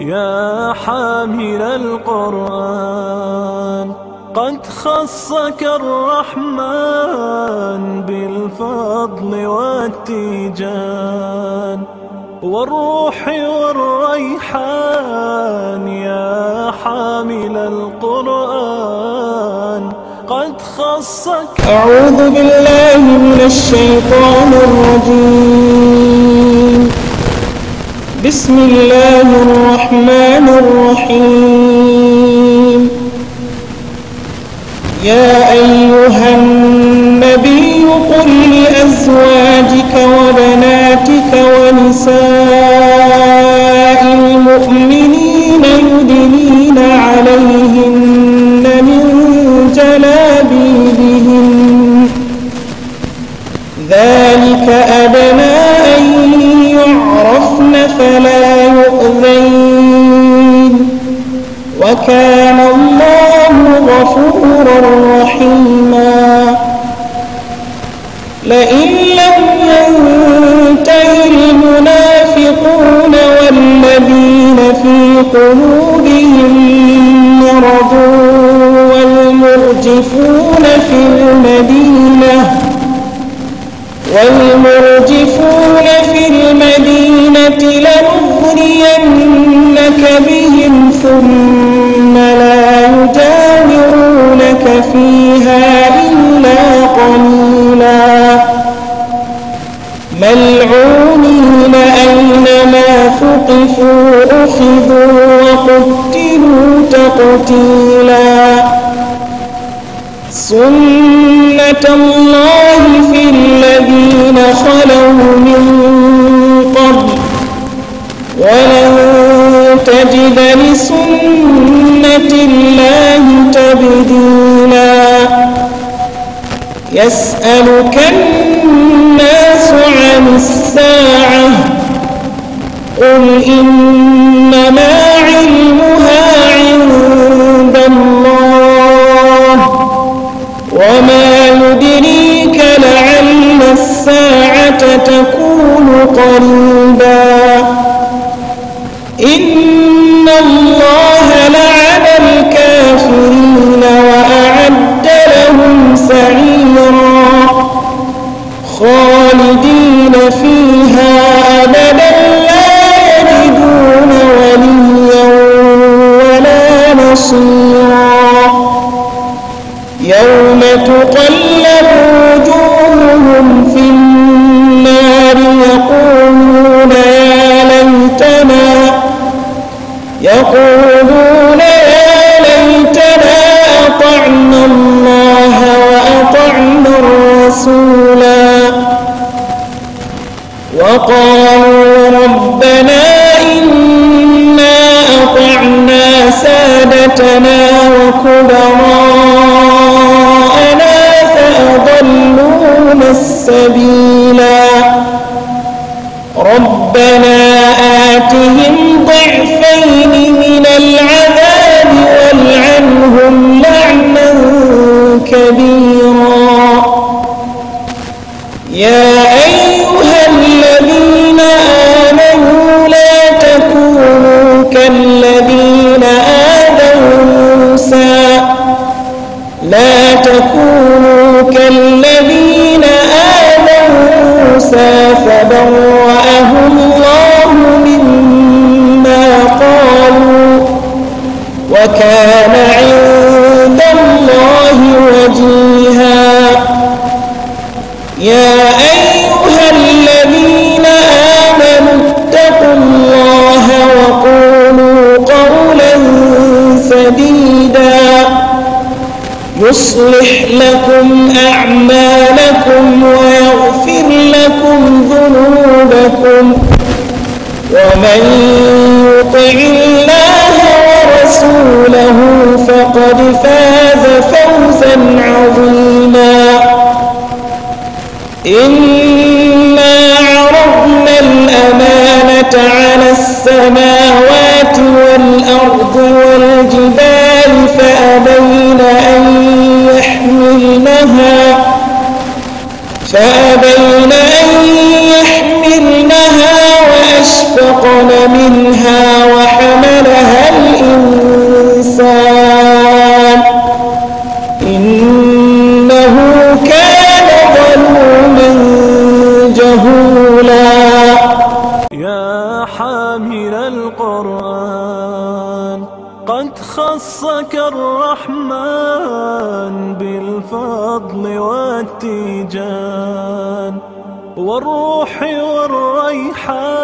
يا حامل القرآن قد خصك الرحمن بالفضل والتيجان والروح والريحان يا حامل القرآن قد خصك أعوذ بالله من الشيطان الرجيم بسم الله الرحمن الرحيم يا أيها النبي قل لأزواجك وبناتك ونساء المؤمنين يدنين عليهن من جلابيبهن ذلك أدنى فلا يؤذين وكان الله غفورا رحيما لئن لم ينته المنافقون والذين في قلوبهم مرض والمرجفون في المدينة والمرجفون في المدينة يجاورونك بهم ثم لا يجاورونك فيها إلا قليلا ملعونين أينما ثقفوا أخذوا وقتلوا تقتيلا سنة الله تجد لسنة الله تبديلا يسألك الناس عن الساعة قل إنما علمها عند الله وما يدريك لعل الساعة تكون قريبا nosso أئمتنا وكبراءنا فأضلون السبيلا ربنا آتهم ضعفين من العذاب والعنهم لعنا كبيرا يا كان عند الله وجيها يا أيها الذين آمنوا اتقوا الله وقولوا قولا سديدا يصلح لكم أعمالكم ويغفر لكم ذنوبكم ومن يطع الله ورسوله فقد فاز فوزا عظيما إنا عرضنا الأمانة على السماوات والأرض والجبال فأبين أن يحملنها فأبين أن يحملنها وأشفقن منها وحملها الفضل والتيجان والروح والريحان